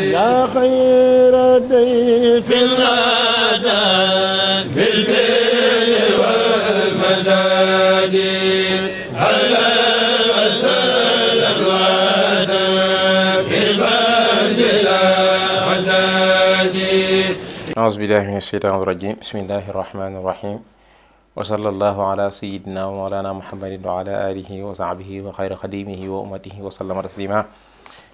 لا خير ضيف الغدا بالبر والمداد على وسل الوعد في البرد الأعداد أعوذ بالله من الشيطان الرجيم بسم الله الرحمن الرحيم وصلى الله على سيدنا ومولانا محمد وعلى آله وصحبه وخير خديمه وأمته وسلم تسليما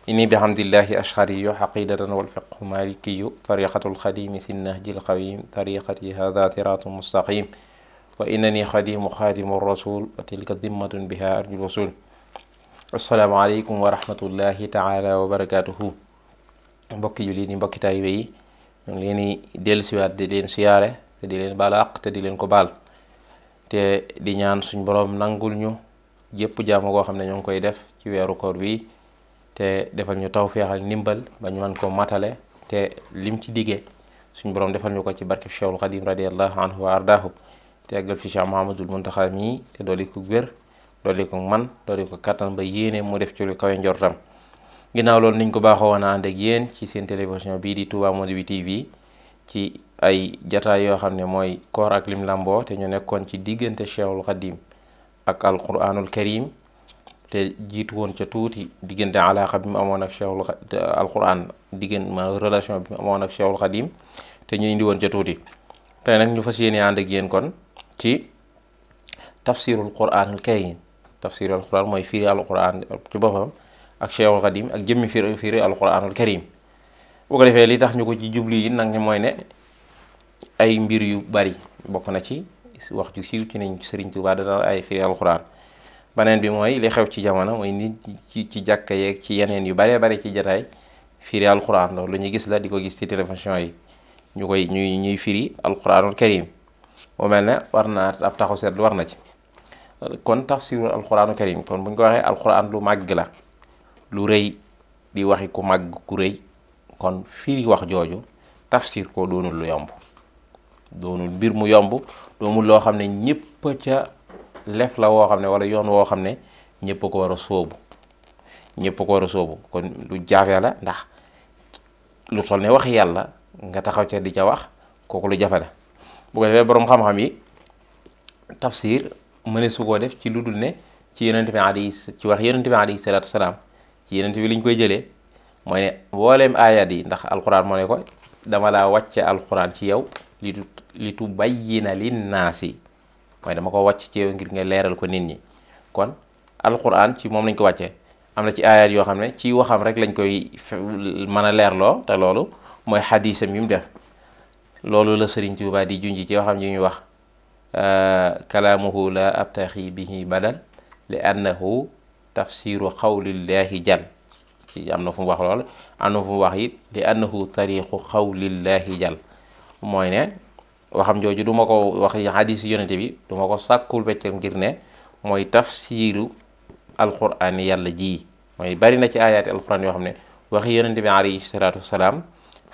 ini bihamdillahi ashariyu xaqidatan walfiqhu malikiyu tariqatu lxadimi si nahji lqawim tariqati hada siratu mustaqim wa innani xadimu xadimu rasul wa tilka dimmatun biha arju lwasul asalaamaaleykum wa rahmatullahi taala wa barakatuhu mbokki jullit yi mbokki taalibe yi ñu di dellusiwaat di leen siyaare te di leen baal te di leen ko baal te di ñaan suñ boroom nangul ñu jépp jaamu goo xam ne ñoo ngi koy def ci weeru koor bii te defal ñu tawféex ak ndimbal ba ñu mën koo matale te lim ci diggee suñu borom defal ñu ko ci barkeb Cheikhul Xadim radiallahu anhu wa ardaahu te eggal fi Cheikh Mahamadul Muntaxa mii te dooli ko wér dooli ko man dooli ko kattan ba yéene mu def ci lu kawe njortam ginnaaw loolu niñ ko baaxoo woon a ànd ak yéen ci seen télévision bii di Touba Monde bi TV ci ay jataay yoo xam ne mooy koor ak lim lamboo te ñu nekkoon ci diggante Cheikhul Xadim ak alquranul karim te jiitu woon ca tuuti diggante alaaxa bi mu amoon ak cheikhul relation bi mu amoon xadim te ñu indi woon ca tuuti tey nag ñu fas yéene ànd ak yéen kon ci tafsirul quranul karim tafsirul quran mooy firi alquran ci boppam ak cheikhul xadim ak jëmmi firi al alquranul karim bu ko defee li tax ñu ko ci jubli yi nag mooy ne ay mbir yu bari bokk na ci wax ju siiw ci nañ Sëriñ Tuubaa dana ay firi alquran beneen bi mooy li xew ci jamono mooy nit ci ci jàkka yeeg ci yeneen yu baree bari ci jataay firi alquran loolu lu ñu gis la di ko gis ci télévision yi ñu koy ñuy ñuy firi alquranul karim mu mel ne war naa ab taxaw seetlu war na ci kon tafsirul alquranu karim kon buñ ko waxee alquran lu màgg la lu rëy di waxi ku màgg ku rëy kon firi wax jooju tafsir ko doonul lu yomb doonul mbir mu yomb doomul loo xam ne ñëpp ca lef la woo xam ne wala yoon woo xam ne ñëpp ko war a sóobu ñëpp ko war a sóobu kon lu jaafee la ndax lu toll ne wax yàlla nga taxaw ca di ca wax kooku lu jafe la bu ko boroom xam-xam yi tafsir mëne su koo def ci lu dul ne ci yonent bi alayhi ci wax yonent bi alayhi salaatu salaam ci yonent bi liñ koy jëlee mooy ne mbooleem ayat yi ndax alxuraan moo ne ko dama laa wàcce alxuraan ci yow li tu li tu bayyina mooy dama ko wàcc ci yow ngir nga leeral ko nit ñi kon alquran ci moom lañ ko wàcce am na ci ayat yoo xam ne ci waxam rek lañ koy man a leerloo te loolu mooy xadisam yi mu def loolu la Sëriñ Tuubaa di junj ci waxam yi ñuy wax euh, kalaamuhu la abtaxi bihi badal li annahu tafsiru xawlillahi jal ci am na fum wax loolu am na fu wax it li annahu tariqu xawlillahi jal mooy ne waxam jooju duma ko wax xadis yonente bi du ma ko sàkkul beccal ngir ne mooy taf tafsiru alquran yàlla ji mooy bari na ci ayaati alquran yoo xam ne waxi yonente bi alayhi salaatu wasalaam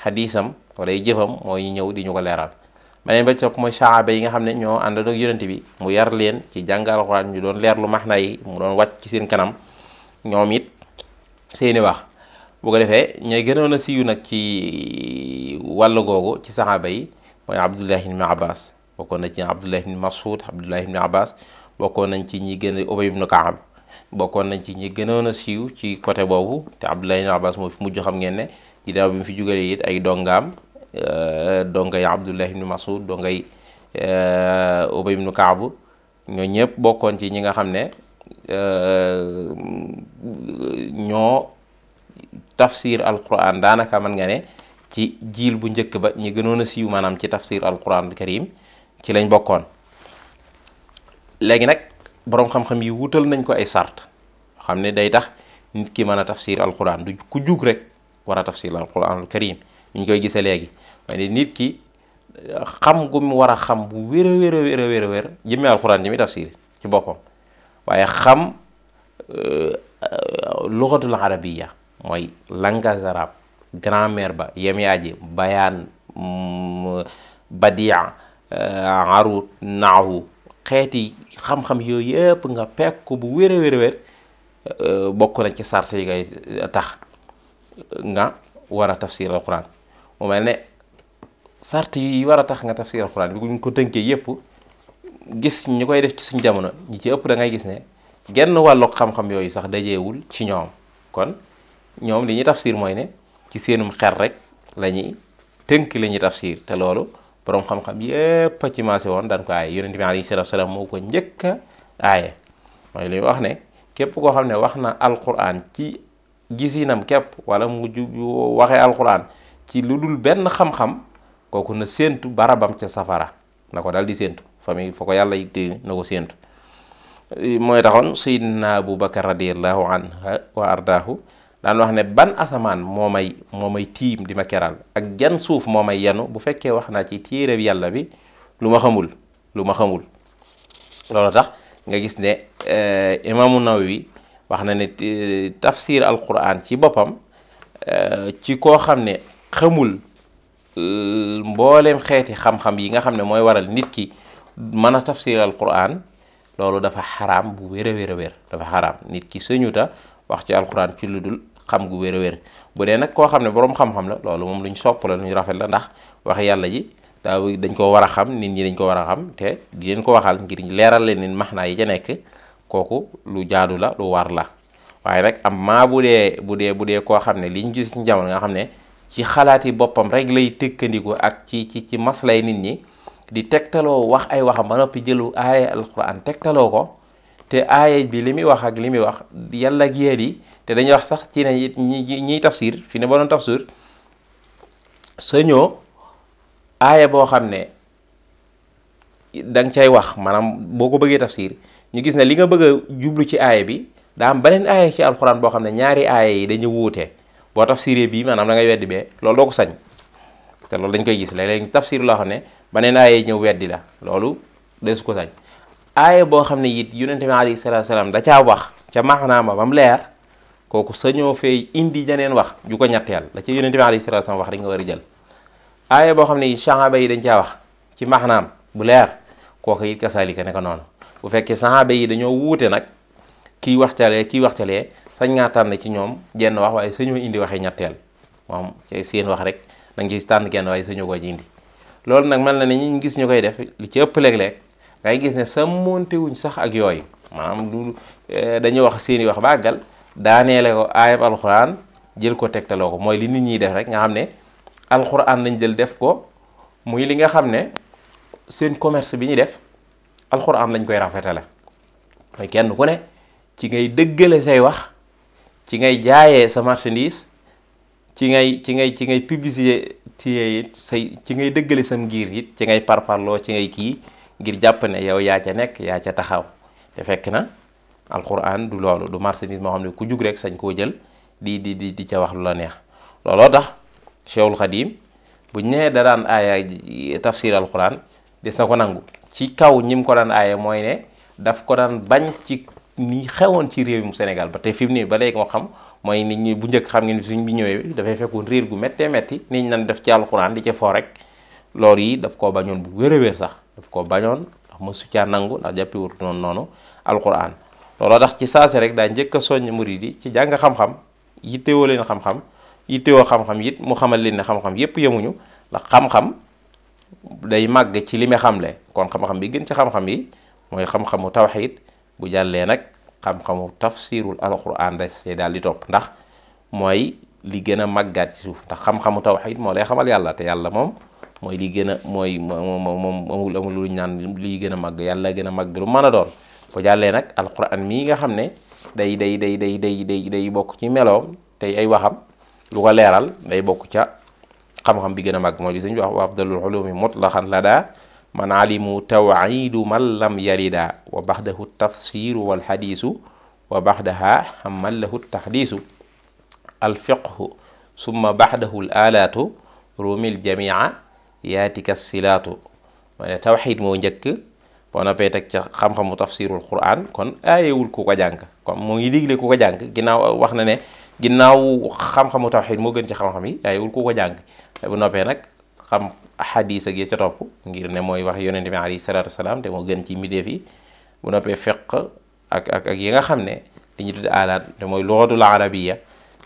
xadisam wala jëfam mooy ñëw di ko leeral beneen ba ci topp mooy yi nga xam ne ñoo àndandoo ak yonente bi mu yar leen ci jàng alquran ñu doon leer leerlu maxna yi mu doon wàcc ci seen kanam ñoom it seeni wax bu ko defee ñooy gënoon a siiw nag ci wàll googu ci saxaaba yi mooy abdullahi ibn abbas bokkoon na ci abdullahi ibn masud abdullahi ibn abbas bokkoon nañ ci ñi gën a ubay ibn kaab bokkoon nañ ci ñi gënoon a siiw ci côté boobu te abdullahi ibn abbas moo fi mujj xam ngeen ne ginnaaw bi mu fi jugalee it ay dongaam euh, dongay abdullahi ibn masud dongay euh, ubay ibn kaab ñoo ñëpp bokkoon ci ñi nga xam ne euh, ñoo tafsir alquran daanaka man nga ne ci jiil bu njëkk ba ñi gënoon a siiw maanaam ci tafsir alquran karim ci lañ bokkoon léegi nag boroom xam-xam yi wutal nañ ko ay sart xam ne day tax nit ki mën a tafsir alquran du ku jug rek war a tafsir alquran karim ñu koy gisee léegi waaye nit ki xam gu mu war a xam bu wér a wér a wér a wér a wér jëmmi alquran jëmi tafsir ci boppam waaye xam euh, euh, luxatul arabiya mooy langage arabe grand-mère ba yem yaaji bayaan mm, badia euh, aru naahu xeeti xam-xam yooyu yëpp nga pekk ko bu wér a wér a wér euh, bokk na ci sart yi ngay euh, tax nga war a tafsir alquran mu mel ne sart yi war a tax nga tafsir alquran bi ñu ko tënkee yëpp gis ñu koy def ci suñ jamono ñi ci ëpp dangay gis ne genn wàllu xam-xam yooyu sax dajeewul ci ñoom kon ñoom li ñuy tafsir mooy ne ci seenum xel rek la ñuy tënk li tafsir te loolu borom xam-xam yépp ci maase woon daan ko aaye yonent bi alayhi salaatu salaam moo ko njëkk a aaye mooy li wax ne képp koo xam ne wax na alquran ci gisinam képp wala mu ju waxee alquran ci lu dul benn xam-xam kooku na séentu barabam ca safara na ko daal di séentu famille fa ko yàlla yitee na ko séentu mooy taxoon sayyidina Abu Bakar radiyallahu anhu wa ardaahu daan wax ne ban asamaan moo may moo may tiim di ma keral ak jan suuf moo may yanu bu fekkee wax naa ci téereb yàlla bi lu ma xamul lu ma xamul loolu tax nga gis ne eh, imaamu Nawawi wax na ne eh, tafsir alquran ci boppam eh, ci koo xam ne xamul mbooleem xeeti xam-xam yi nga xam ne mooy waral nit ki mën a tafsir alquran loolu dafa xaraam bu wér a wér a wér dafa xaraam nit ki sëñuta wax ci alquran ci lu dul xam gu wér a wér bu dee nag koo xam ne boroom xam-xam la loolu moom lu ñu sopp la lu rafet la ndax wax yàlla ji daa dañ koo war a xam nit ñi dañ ko war a xam te di ko waxal ngir leeral leen nit max yi ca nekk kooku lu jaadu la lu war la waaye nag am bu dee bu dee bu dee koo xam ne li ñu gis ci jamono xam ne ci xalaati boppam rek lay tëkkandiku ak ci ci ci maslay nit ñi di tegtaloo wax ay waxam ba noppi jëlu aaya alquran tegtaloo ko te aaya bi li muy wax ak li muy wax yàlla géer yi te dañuy wax sax ci ne ñi ñiy tafsir fii ne ba doon tafsir sañoo aaye boo xam ne danga nga cay wax maanaam boo ko bëggee tafsir ñu gis ne li nga bëgg jublu ci aaya bi daa am beneen aaya ci alxuraan boo xam ne ñaari aaya yi dañu wuute boo tafsiree bii maanaam da ngay weddi bee loolu doo ko sañ te loolu dañ koy gis léeg-léeg tafsir loo xam ne beneen aaya yi ñëw weddi la loolu des ko sañ aaya boo xam ne it yu bi alayhi salaatu salaam dacaa wax ca maanaam ba mu leer kooku sañoo fee indi jeneen wax ju ko ñetteel la ca yonente bi alayhi salaatu salaam wax rek nga war a jël aaya boo xam ne saxaaba yi dañ caa wax ci maxnaam bu leer kooku it kasaalika ne ko noonu bu fekkee saxaaba yi dañoo wuute nag kii wax calee kii wax calee sañ ngaa tànn ci ñoom jenn wax waaye sañoo indi waxee ñetteel moom ci wax rek da nga tànn kenn waaye sañoo ko ci indi loolu nag mel na ne ñu gis ñu koy def li ci ëpp léeg-léeg gis ne sàmmoonte wuñ sax ak yooyu maanaam du eh, dañuy wax seen i wax bàggal daaneele ko aayab alxuraan jël ko tegtaloo ko mooy li nit ñiy def rek nga xam ne alxuraan lañ jël def ko muy li nga xam ne seen commerce bi ñu def alxuraan lañ koy rafetale mooy kenn ku ne ci ngay dëggale say wax ci ngay jaayee sa marchandise ci ngay ci ngay ci ngay publicité it say ci ngay dëggale sam ngir it ci ngay parparloo ci ngay kii ngir jàpp ne yow yaa ca nekk yaa ca taxaw te fekk na alquran du loolu du marchandise moo xam ne ku jug rek sañ koo jël di di di di ca wax lu la neex looloo tax Cheikhul Xadim bu ñëwee da daan aaya tafsir alquran des na ko nangu ci kaw ñi mu ko daan aaya mooy ne daf ko daan bañ ci ni xewoon ci réewum Sénégal ba tey fi mu nii ba léegi moo xam mooy nit ñi bu njëkk xam ngeen suñ bi ñëwee dafay fekkoon réer gu méttee métti nit ñi nan def ci alxuraan di ca foo rek lool yi daf koo bañoon bu wér a wér sax daf koo bañoon ndax ma caa nangu ndax jàppiwut noonu noonu alxuraan looloo tax ci saasi rek daa njëkk a soññ murid yi ci jàng xam-xam yittewoo leen xam-xam yittewoo xam-xam it mu xamal leen ne xam-xam yemuñu ndax xam day màgg ci li mu xamle kon xam bi gën ci xam-xam yi mooy xam-xamu tawxiid bu jàllee nag xam-xamu tafsirul alquran da ci daal di topp ndax mooy li gën a màggaat ci suuf ndax xam-xamu tawxiid moo lay xamal yàlla te yàlla moom mooy li gën a mooy moom moom amul amul lu ñaan lii gën a màgg yàlla gën a màgg lu mën a doon bu jàllee nag alquran mii nga xam ne day day day day day day day bokk ci melo tey ay waxam lu leeral day bokk ca xam-xam bi gën a mag moo ji suñ wax wa afdalul ulumi mutlaqan la daa man alimu tawaidu man lam yarida wa baxdahu tafsiru wal xadiisu wa baxdaha xamal lahu taxdiisu alfiqhu summa baxdahu l alaatu rumil jamia yaatika silaatu ma ne tawxid moo njëkk boo noppee teg ca xam-xamu tafsirul quran kon aayewul ku ko jàng kon moo ngi digle ku ko jàng ginnaaw wax na ne ginnaaw xam-xamu tawxid moo gën ci xam-xam yi aayewul ku ko jàng bu noppee nag xam xadis ak ca topp ngir ne mooy wax yonente bi alayhi salaatu wasalaam te moo gën ci mbindeef yi bu noppee fiq ak yi nga xam ne li ñu tudd aalaat te mooy luxatul arabiya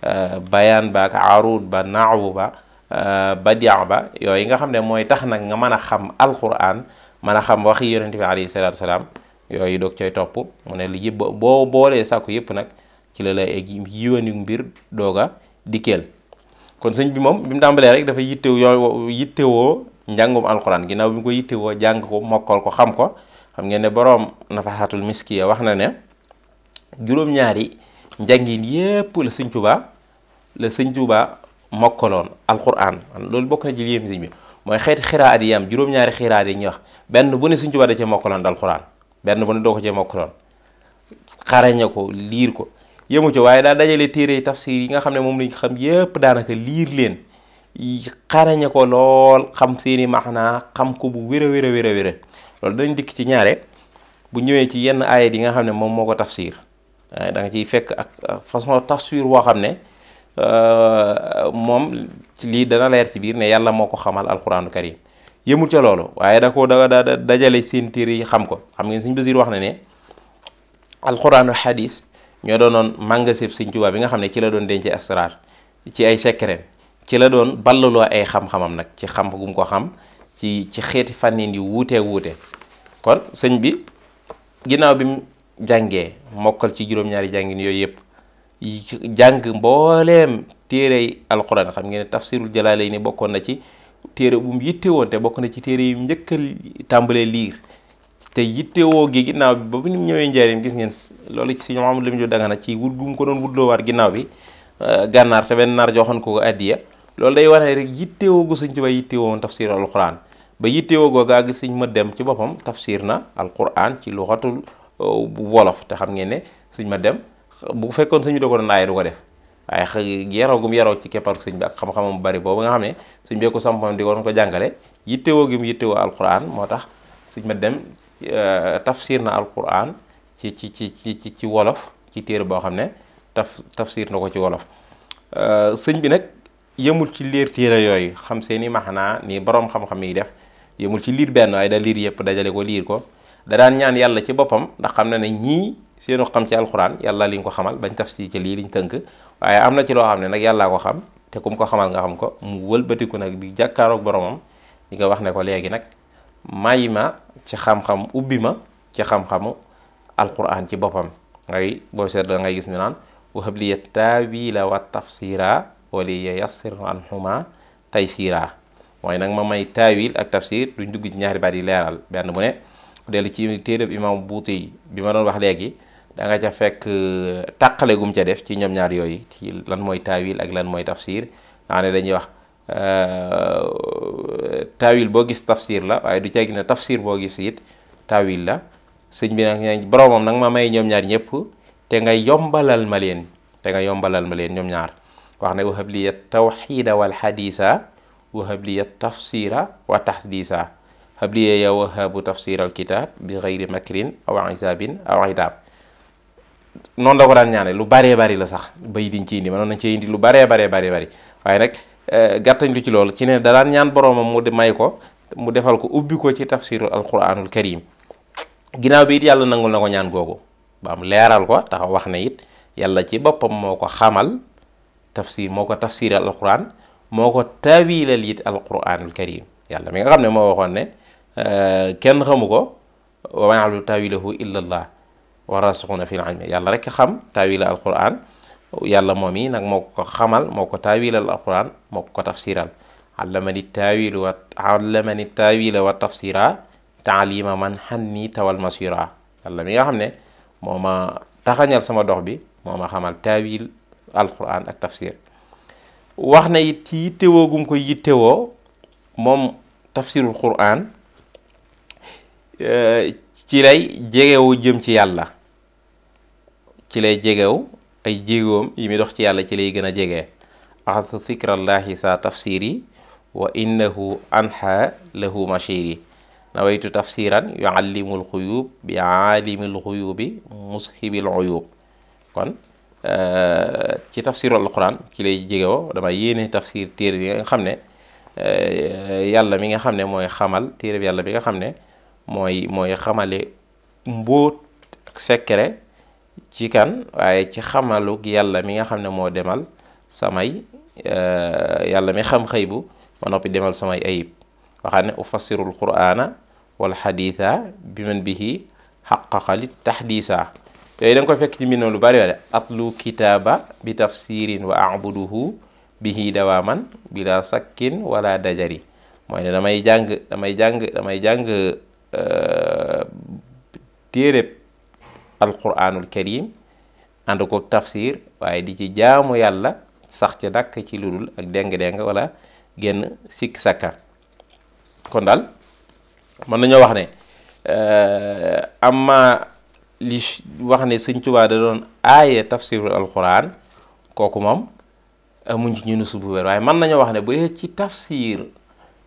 euh, bayaan ba ak aruud ba naawu ba euh, badia ba yi nga xam ne mooy tax nag nga mën a xam alquran mën a xam waxi yonente bi alayhi salaatu yooyu doog coy topp mu ne li yëpp boo boolee sàkku yëpp nag ci la la egg yiwani mbir doog a dikkeel kon sëñ bi moom bi mu tàmbalee rek dafa yittew yoo yittewoo njàngum alxuraan ginnaaw bi mu ko yittewoo jàng ko mokkal ko xam ko xam ngeen ne boroom nafaxatul miskiya wax na ne juróom-ñaari njàngin yépp la sëñ Tuubaa la sëñ Tuubaa mokkaloon alxuraan loolu bokk na ci sëñ bi mooy xeeti xiraat yi am juróom-ñaari xiraat yi ñuy wax benn bu ne suñ tubaab da cee mokkaloon dal xuraan benn bu ne doo ko cee mokkaloon xaraña ko liir ko yëmu ci waaye daal dajale téere yi tafsir yi nga xam ne moom lañ xam yépp daanaka liir leen xaraña ko lool xam seeni maxnaa xam ko bu wér a wéra a wér loolu dañ dikk ci ñaare bu ñëwee ci yenn aayat yi nga xam ne moom moo ko tafsir eh, da nga ciy fekk ak façon tafsir woo xam ne Euh, moom lii dana leer ci biir ne yàlla moo ko xamal alxuraanu karim yëmul ca loolu waaye da ko da da dajale seen yi xam ko xam ngeen suñ Basiir wax na ne alxuraanu xadis ñoo doonoon màngasib Sëñ Tuubaa bi nga xam ne ci la doon denc asraar ci ay secret ci la doon ballaloo ay xam-xamam nag ci xam gum ko xam ci ci xeeti fànnin yu wuutee wuute kon sëñ bi ginnaaw bi mu jàngee mokkal ci juróom-ñaari jàngin yooyu yëpp jàng mbooleem téere alquran xam ngeen ne tafsirul jalaalayni bokkoon na ci téere bu mu yittewoon te bokk na ci téere yu njëkk a tàmbalee liir te yittewoo gi ginnaaw bi ba bu ñu ñëwee njaarim gis ngeen loolu ci suñu Mamadou Lamine Diop Dagana ci wut gu mu ko doon wutloowaat ginnaaw bi euh, gànnaar te benn naar joxoon ko ko loolu day wane rek yittewoo gu sëñ Tuubaa yittewoon tafsir alquran ba yittewoo googaa gis sëñ ma dem ci boppam tafsir na alquran ci luxatul euh, wolof te xam ngeen ne sëñ ma dem bu fekkoon sëñ bi da ko doon aaye du ko def waaye xëy yaroo gum yaroo ci kepparu sëñ bi ak xam-xamam bari boobu nga xam ne sëñ bee ko sampam di ko doon ko jàngale yittewoo gim yittewoo moo tax sëñ ma dem euh, tafsir na alquran ci ci ci ci ci wolof ci téere boo xam ne taf tafsir na ko ci wolof euh, sëñ bi nag yemul ci liir téere yooyu xam seen i maxanaa ni boroom xam-xam yi def yemul ci liir benn waaye da liir yëpp dajale ko liir ko da daan ñaan yàlla ci boppam ndax xam na ne ñii seenu xam ci alxuraan yàlla li nga ko xamal bañ tafsir ci lii liñ tënk waaye am na ci loo xam ne nag yàllaa ko xam te kum ko xamal nga xam ko mu wëlbatiku nag di jàkkaaroog boromam di nga wax ne ko léegi nag may ma ci xam ubbi ma ci xam-xamu ci boppam boo seet ngay gis ñu naan wahab liya taawila wa tafsira wali yassir anhuma taysira mooy nag ma may taawil ak tafsir duñ dugg ci ñaari baat yi leeral benn bu ne dellu ci téeréb imam buuti yi bi ma doon wax léegi da nga ca fekk euh, tàqale gum ca def ci ñoom ñaar yooyu ci lan mooy taawil ak lan mooy tafsir nga ne dañuy wax euh, taawil boo gis tafsir la waaye du caa gis ne tafsir boo gis yit taawil la sëñ bi nag ñaan boromam nag ma may ñoom ñaar ñëpp te nga yombalal ma leen te nga yombalal ma leen ñoom ñaar wax ne wahab liya tawxiida wal xadiisa wahab liya tafsira wa taxdiisa habliya ya wahabu tafsira alkitab bi gayri makrin aw isabin aw idab noonu la ko daan ñaane lu baree bari la sax bay diñ ci indi mënoon nañ ci indi lu baree baree bari bari waaye nag eh, gàttañ lu ci loolu ci ne da daan ñaan boroomam mu may ko mu defal ko ubbi ko ci tafsirul alquranul karim ginnaaw bi it yàlla nangul na ko ñaan googu ba am leeral ko tax wax ne it yàlla ci boppam moo ko xamal tafsir moo ko tafsiral alquran moo ko tawilal it alquranul karim yàlla mi nga xam ne moo waxoon ne eh, kenn xamu ko wa maa ya'lamu taawilahu wa rasixuuna fil ilmi yàlla rek xam taawila alquran yàlla moom yi nag moo ko xamal moo ko taawilal alquran moo ko tafsiral allamani taawila wa tafsira taalima man xanni tawal masira yàlla mi nga xam ne moo ma taxañal sama dox bi moo ma xamal taawil alquran ak tafsir wax na it ci gum ko yittewoo moom tafsirul quran eh, ci lay jegewu jëm ci yàlla ci lay jegew ay jéegoom yi muy dox ci yàlla ci lay gën a jege axatu fikrallahi sa tafsiri wa innahu yi lahu mashiri nawaytu tafsiran yuallimul xuyub bi aalimil xuyubi mushibil uyub kon eh, ci tafsiru alquran ci lay jegewoo dama yéene tafsir téere bi nga xam ne eh, yàlla mi nga xam ne mooy xamal téere bi yàlla bi nga xam ne mooy mooy xamale mbóot ak ci kan waaye ci xamaluk yàlla mi nga xam ne moo demal samay euh, yàlla mi xam xëy bu ba noppi demal samay ayib waxaan ne ufassirul qur'ana wal xadiisa bi man bihi xaqaqa li taxdiisa yooyu da koy fekk ci mbir lu bari wala atlu kitaaba bi tafsirin wa abuduhu bihi dawaaman bila sakkin wala dajari mooy ne damay jàng damay jàng damay euh, alquranul karim ànd ko tafsir waaye di ci jaamu yàlla sax ci dàkk ci ludul ak déng-déng wala genn sikk sakka kon dal mën nañoo wax ne euh, amma li wax ne sëñ Tuubaa da doon aaye tafsirul alquran kooku moom amuñ ci ñu nusu bu wér waaye mën nañoo wax ne bu dee ci tafsir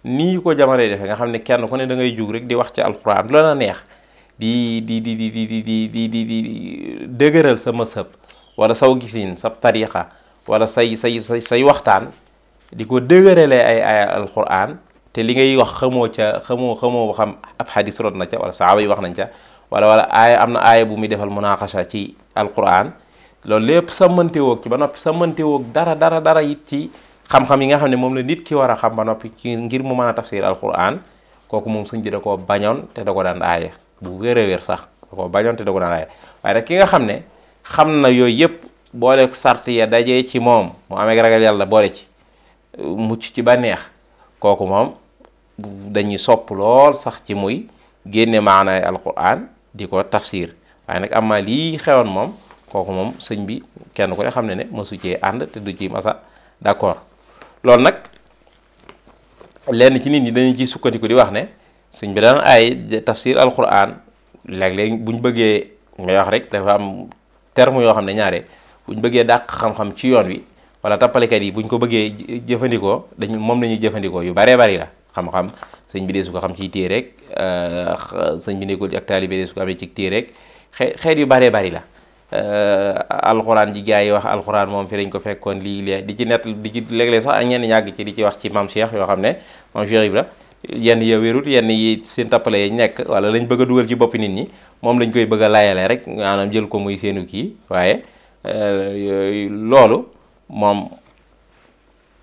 nii ko jamono defee nga xam ne kenn ku ne da ngay jug rek di wax ci alquran loola neex di di di di di di di di di dëgëral sa mësëb wala saw gisin sa tariqa wala say say say say waxtaan di ko dëgëralee ay ay alquran te li ngay wax xamoo ca xamoo xamoo xam ab xadis rot na ca wala saaba yi wax nañ ca wala wala aaya am na aaya bu muy defal munaqasha ci alquran loolu lépp sàmmante woog ci ba noppi sàmmante woog dara dara dara it ci xam-xam yi nga xam ne moom la nit ki war a xam ba noppi ci ngir mu mën a tafsir alquran kooku moom suñ bi da koo bañoon te da ko daan aaya bu wér a sax da ko bañoonte da ko daan waaye nag ki nga xam ne xam na yooyu yëpp boole sart ya dajee ci moom mu amee ragal yàlla boole ci euh, mucc ci bànneex kooku moom dañuy sopp lool sax ci muy génne maanaay alquran di ko tafsir waaye nag amaa lii xewoon moom kooku moom sëñ bi kenn ku ne xam ne ne mësu cee ànd te du ci masa d'accord loolu nag lenn ci nit ñi dañu ciy sukkandiku di wax ne suñ bi daan ay tafsir alquran léeg-léeg buñ bëggee ngay wax rek dafa am terme yoo xam ne ñaare buñ bëggee dàq xam-xam ci yoon wi wala tappalekat yi buñ ko bëggee jëfandikoo dañu moom la ñuy jëfandikoo yu baree bari la xam-xam sëñ bi dee su ko xam ci téere rek euh, sëñ bi nekkul ak taalibe dee su ko amee ci téere rek xeet yu bare bari la euh, alxuraan ji gars yi wax alxuraan moom fi dañ ko fekkoon lii lee di ci nett di ci léeg sax ak ñenn ñàgg ci di ci wax ci mam Cheikh yoo xam ne maam Cheikh la yenn ya wérut yenn yi seen tappale yi nekk wala lañ bëgg a dugal ci boppi nit ñi moom lañ koy bëgg a rek maanaam jël ko muy seenu kii waaye euh, loolu moom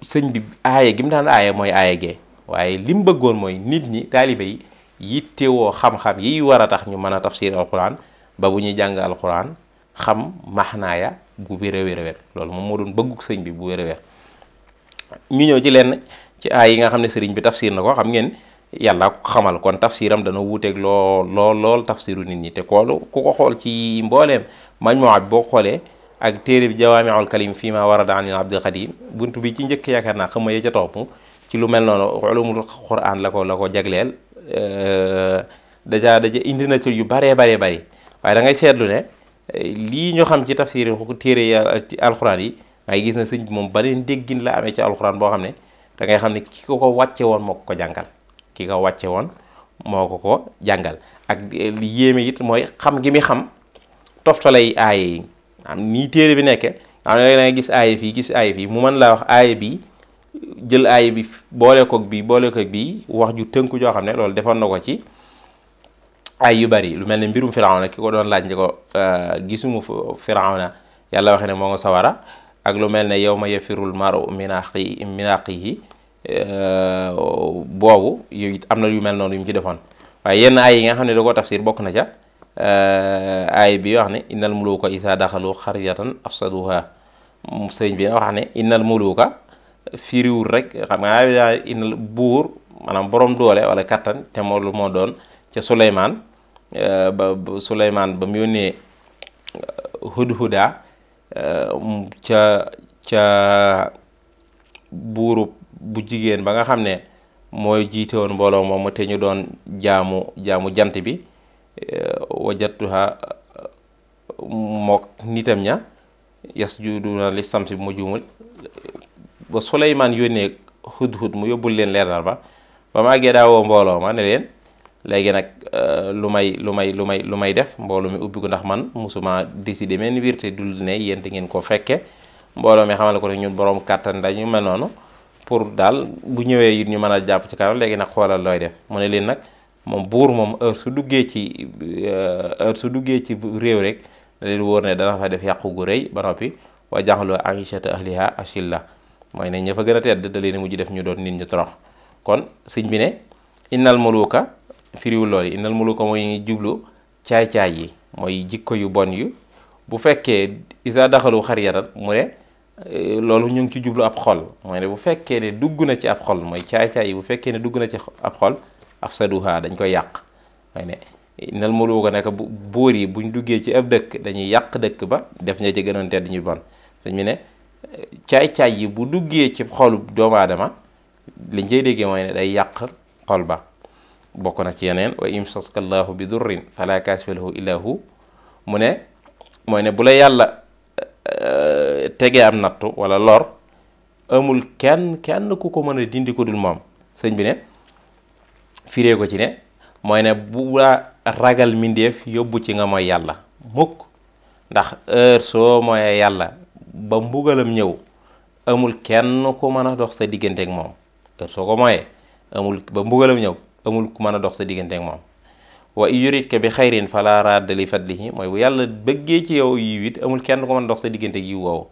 sëñ bi aaye gi daan aaye mooy aaye waaye li mu bëggoon mooy nit ñi taalibe yi yittewoo xam-xam yi war a tax ñu mën a tafsir alquran ba bu ñuy jàng alquran xam maxnaaya bu wér a wér loolu moom moo doon bëgguk sëñ bi bu wér wér ñu ñëw ci lenn ci aay yi nga xam ne sëriñ bi tafsir na ko xam ngeen yàlla ko xamal kon tafsiram dana wuuteeg lool lool lool tafsiru nit ñi te koolu ku ko xool ci mbooleem majmuwa bi boo xoolee ak téere bi jawaamiul kalim fii ma warada anil abdul xadim bunt bi ci njëkk yaakaar naa xama ya ca topp ci lu mel noonu ulumul quran la ko la ko jagleel dèjà dèjà indi na ci yu baree baree bari waaye dangay seetlu ne eh, lii ñu xam ci tafsir téere yi ci alxuraan yi ngay gis na sëñ bi moom beneen déggin la amee ci alxuraan boo xam ne dangay xam ne ki ko ko wàcce woon moo ko ko jàngal ki ko wàcce woon moo ko ko jàngal ak eh, li yéeme it mooy xam gi mi xam toftalay aaya yi am nii téere bi nekke am léegi da ngay gis aaya fii gis aaya fii mu man laa wax aaya bi jël aaya bi boole koog bi boole koog bi wax ju tënku joo xam ne loolu defoon na ko ci ay yu bari lu mel ne mbirum firawna ki ko doon laaj ni ko ah, gisuma firawna yàlla waxe moo nga sawara ak lu mel ne yow ma yafirul maru min axi min axihi euh, boobu yooyu am na yu mel noonu yu mu ci defoon waaye yenn ay yi nga xam ne da koo tafsir bokk na ca aay euh, bi wax ne innal muluka isa daxalu firiwul rek xam nga daa innal buur maanaam boroom doole wala kattan te moo lu moo doon ca Suleymaan euh, ba Suleymaan ba mu yónnee hudhuda Euh, um, ca ca buurub bu jigéen ba nga xam ne mooy jiite woon mbooloo moomu te ñu doon jaamu jaamu jant bi euh, wajatuha mook nitam ña yas juduna li samsi bu ma juumul ba Suleymaan yónnee hud hud mu yóbbul leen leeral ba ba ma àggee daawoo mbooloo ma ne leen léegi nag euh, lu may lu may lu may lu may def mbooloo mi ubbi ko ndax man mosuma décidé men wiir te dul ne yéen ngeen ko fekke mbooloo mi xamal ko ne ñun borom kàttan dañu mel noonu pour daal bu ñëwee it ñu mën a jàpp ci kanam léegi nag xoolal looy def mu ne leen nag moom buur moom su duggee ci euh, heure su duggee ci réew rek da leen dana fa def yàqu gu rëy ba noppi wa jaxloo aishata ahliha ashilla mooy ne ña fa gën a tedd da leen mujj def ñu doon nit ñu torox kon sëñ bi ne innal muluka firiwul loolu innal ko mooy ngi jublu caay-caay yi mooy jikko yu bon yu bu fekkee isa daxalu xariyatan mu ne eh, loolu ñu ngi ci jublu ab xol mooy ne bu fekkee ne dugg na ci ab xol mooy caay-caay yi bu fekkee ne dugg na ci ab xol afsaduha dañ koy yàq mooy ne innal muluka bu buur yi buñ duggee ci ab dëkk dañuy yàq dëkk ba def ña ci gënoon tedd ñu bon dañu ne eh, caay-caay yi bu duggee ci xolu doomu aadama liñ cay déggee mooy ne day yàq xol ba bokk na ci yeneen wa imsaska llaahu bi durrin fala kaasifa lahu illa mu ne mooy ne bu la yàlla eh, tegee am nattu wala lor amul kenn kenn ku ko mën a dindi ko dul moom sëñ bi ne firee ko ci ne mooy ne bu la ragal mindeef yóbbu ci nga mooy yàlla mukk ndax heure soo mooyee yàlla ba mbugalam ñëw amul kenn ku mën a dox sa digganteek moom heure soo ko mooyee amul ba mbugalam ñëw amul ku mën a dox sa diggante moom wa yurit ka bi yàlla bëggee ci yow yiw amul kenn ku mën a dox sa diggante ak yiw woowu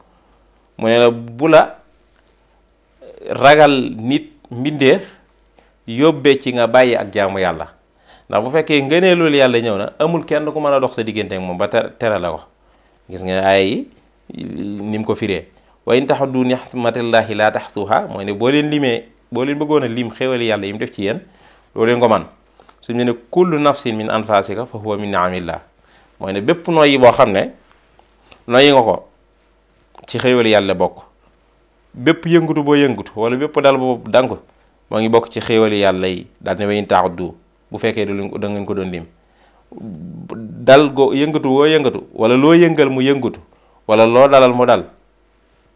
ragal nit mbindeef yóbbee nga bàyyi ak jaamu yàlla ndax bu fekkee ngënee loolu yàlla ñëw na amul kenn ku mën a dox sa diggante moom ba tere la ko gis nga aaya yi ni mu ko firee wa in taxaddu nixmatillahi laa tax taxsuha mooy ne boo leen limee boo leen bëggoon a lim xéwali yàlla yi mu def ci yéen loolee nga man suñ ne ne kullu nafsin min anfasika ne bépp noyyi boo xam ne noyyi ko ci xéewal yàlla bokk bépp yëngatu boo yëngatu wala bépp dal boo dànku moo ngi bokk ci xéewali yàlla yi daal ne wayin bu fekkee du da ngeen ko doon lim dal go yëngatu wala loo yëngal mu yëngatu wala loo dalal mu dal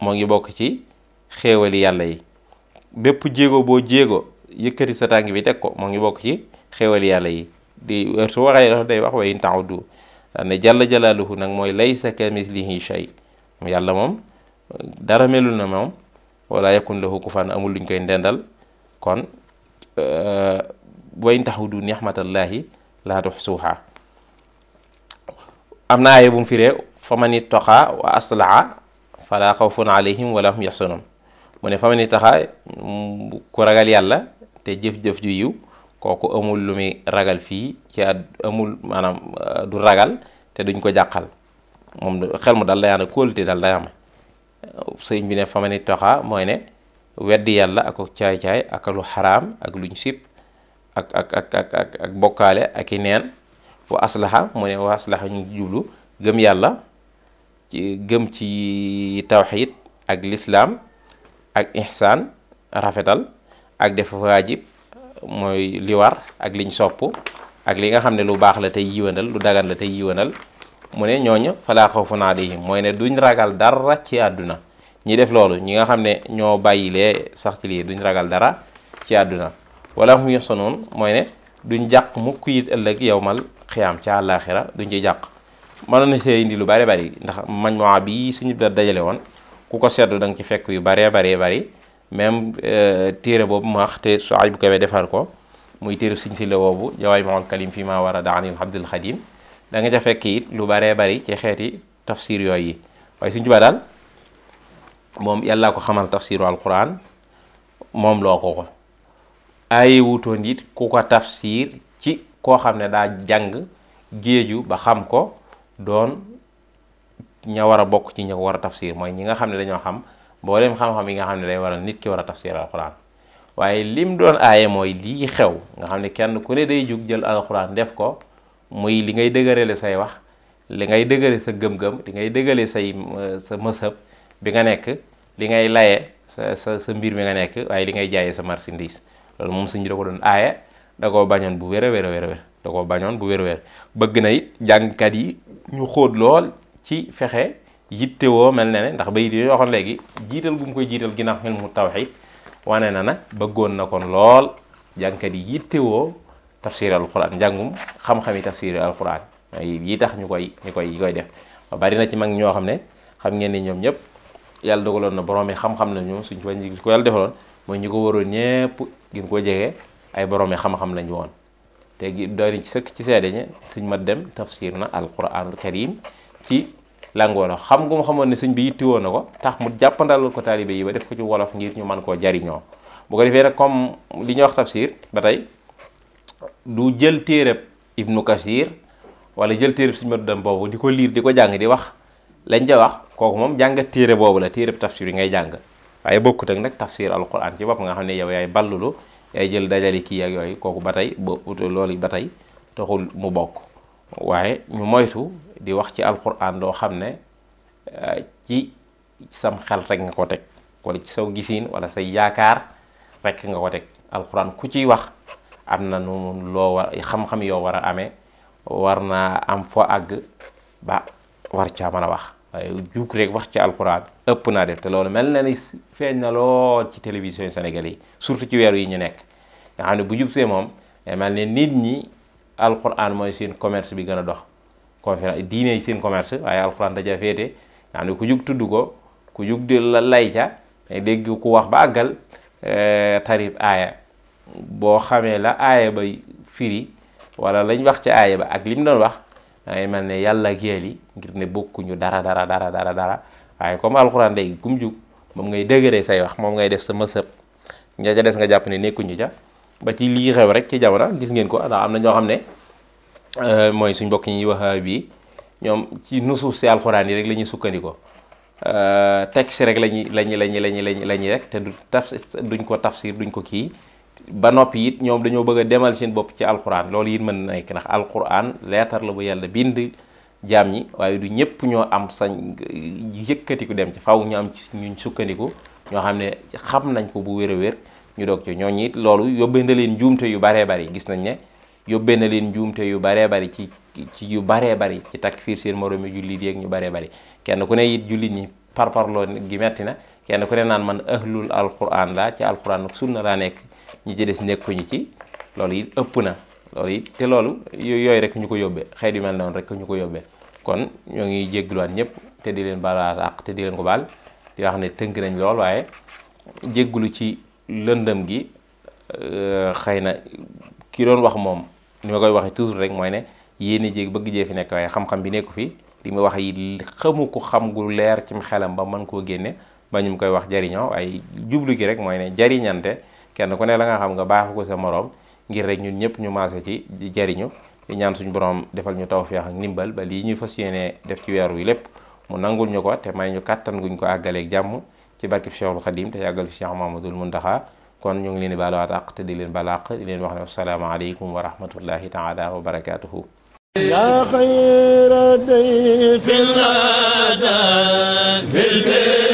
moo ngi bokk ci xéewali yàlla yi bépp jéego boo jéego yëkkati sa tànk bi teg ko moo ngi bokk ci xéwal yàlla yi di heure su waxee dafa wax wa in ta'uddu ne jalla jalaaluhu nag mooy laysa kamislihi shay yàlla moom dara melu na moom wala yakun lahu kufan amul luñ koy ndendal kon euh, wa in ta'uddu nihmatallahi laa tuhsuha am na aaya bu mu firee fa man ittaqa wa aslaha fala xawfun alayhim wala hum yaxsanun mu ne fa ma ku ragal yàlla te jëf-jëf ju yiw kooku amul lu muy ragal fii ci at amul maanaam euh, du ragal te duñ ko jàqal moom xel mu dal dayaana kóolute dal dayaama sëñ bi ne fa ma ni toxaa mooy ne weddi yàlla ako caay-caay ak lu xaraam ak luñ sib ak ak ak ak bokkaale ak i neen wa aslaha mu ne wa aslaha ñu jublu gëm yàlla ci gëm ci tawxid ak lislaam ak ihsaan rafetal ak def waajib mooy li war ak liñ sopp ak li nga xam ne lu baax la tey yiwanal lu dagan la tey yiwanal mu ne ñooñu falaa xawfun alayhim mooy ne duñ ragal dara ci àdduna ñi def loolu ñi nga xam ne ñoo bàyyi lee sax ragal dara ci àdduna wala hum mooy ne duñ jàq mukk it ëllëg yowmal xiyaam ca àllaaxira duñ ci jàq mënoon na see indi lu bari bari ndax mañ maa bi suñu da dajale woon ku ko seetlu da nga ci fekk yu baree baree bari même euh, téere boobu maax te su aj bu kawee defar ko muy téere siñ si la boobu jawaay maol kalim fi maa war a daanil abdul xadim da nga ca fekk it lu baree bari ci xeeti tafsir yooyu yi waaye suñ jubaa daal moom yàlla ko xamal tafsiru alquran moom loo ko ko ay wutoon it ku ko tafsir ci koo xam ne daa jàng géeju ba xam ko doon ña war a bokk ci ña ko war a tafsir mooy ñi nga xam ne dañoo xam mboolem xam-xam yi nga xam ne day waral nit ki war a tafsir alquran waaye lim doon aaye mooy lii xew nga xam ne kenn ku ne day jug jël alquran def ko muy li ngay dëgërale say wax li ngay dëgëre sa gëm-gëm li ngay dëgale say euh, sa mësëb bi nga nekk li ngay laye sa sa sa mbir mi nga nekk waaye li ngay jaayee sa marchandise loolu moom suñu da ko doon aaye da koo bañoon bu wér a wér a wér da ko bañoon bu wér a wér bëgg na it jàngkat yi ñu xóot lool ci fexe. yittewoo mel ne ne ndax bayit yooyu waxoon léegi jiital gu mu koy jiital ginnaaw xel mu taw tawxiid wane na na bëggoon na kon lool jàngkat yi yittewoo tafsir alquran njàngum xam-xami tafsir alquran yi tax ñu koy ñu koy koy def bari na ci mag ñoo xam ne xam ngeen ñoom ñëpp yàlla dogaloon na boroomi xam-xam la ñu suñ ko ko yàlla defaloon mooy ñu ko waroon ñëpp gën koo jege ay boroomi xam-xam lañu woon te ci sëkk ci seede ñi suñ ma dem tafsir na alquranul karim ci làngoo na xam nga mu xamoon ne sëñ bi yittiwoo na ko tax mu jàppandalal ko taalibe yi ba def ko ci wolof ngir ñu mën koo jariñoo bu ko defee nag comme li ñuy wax tafsir ba tey du jël téereb ibnu kasir wala jël téereb sëñ Madu Dem boobu di ko liir di ko jàng di wax lañ ca wax kooku moom jàngat téere boobu la téereb tafsir yi ngay jàng waaye bokkut ak nag tafsir alquran ci bopp nga xam ne yow yaay ballulu yaay jël dajale kii ak yooyu kooku ba tey ba loolu ba tey taxul mu bokk waaye ñu moytu di wax ci alquran loo xam ne eh, ci sam xel rek nga ko teg wala ci saw gisiin wala say yaakaar rek nga ko teg alquran ku ciy wax am na nu loo war xam-xam yoo war a amee war naa am foo àgg ba war caa mën a wax waaye juuk rek wax ci alquran ëpp naa def te loolu mel na ni feeñ na lool ci télévision yu Sénégal yi surtout ci weeru yi ñu nekk nga xam ne bu jub see moom mel ne nit ñi alquran mooy seen commerce bi gën a dox conférence diine yi seen commerce waaye alxuraan daja féete nga xam ne ku jug tudd ko ku jug di la lay ca dégg ku wax ba àggal eh, tarif aaya boo xamee la aaya ba firi wala lañ wax ci aaya ba ak lim doon wax dangay mel ne yàlla géel yi ngir ne bokkuñu dara dara dara dara dara waaye comme alxuraan day kum jug moom ngay dëgëree say wax moom ngay def sa mësëb ña des nga jàpp ne nekkuñu ca ba ci lii xew rek ci jamono gis ngeen ko am na ñoo xam ne Euh, mooy suñ mbokk yi wax euh, bi ñoom ci nusuuf si alxuraan yi rek la ñuy sukkandikoo euh, texte rek la ñuy la ñuy la ñuy la ñuy rek te du taf duñ ko tafsir duñ ko kii ba noppi it ñoom dañoo bëgg a demal seen bopp ci alxuraan loolu it mën na nekk ndax alxuraan leetar la bu yàlla bind jaam ñi waaye du ñëpp ñoo am sañ yëkkatiku dem ci faw ñu am ci ñuñ sukkandiku ñoo xam ne xam nañ ko bu wér wér ñu doog ci ñooñ it loolu yóbbee na leen njuumte yu baree bari gis nañ ne. yóbbee na leen njuumte yu baree bari ci ci yu baree bari ci takfiir seen moroomi jullit yeeg ñu baree bari kenn ku ne it jullit ñi parparloo gi metti na kenn ku ne naan man ahlul alquran la ci alquran ak sunna laa nekk ñi ci des nekkuñu ci loolu it ëpp na loolu it te loolu yooyu rek ñu ko yóbbee xëy du mel noonu rek ñu ko yóbbee kon ñoo ngi jéggluwaat ñëpp te di leen baal àq te di leen ko baal yoo wax ne tënk nañ lool waaye jégglu ci lëndëm gi xëy na ki doon wax moom li ma koy waxee toujours rek mooy ne yéene jéeg bëgg jee fi nekk waaye xam-xam bi nekku fi li mu wax yi xamu ko xam gu leer ci xelam ba man koo génne ba ñu koy wax jariñoo waaye jublu gi rek mooy ne jariñante kenn ku ne la nga xam nga baaxu ko sa moroom ngir rek ñun ñëpp ñu maase ci jariñu ñaan suñu borom defal ñu taw feex ak ndimbal ba lii ñuy fas yéene def ci weer wi lépp mu nangul ñu ko te may ñu kàttan guñ ko àggaleeg jàmm ci barkib Cheikhul Khadim te yàggal fi Cheikh Mamadul Muntaxa kon ñu ngi leen di baaluwaat àq te di leen balaq di leen wax ne asalaamaaleykum wa rahmatullahi taala wa barakaatuhu يا خير ضيف الغداء بالبيت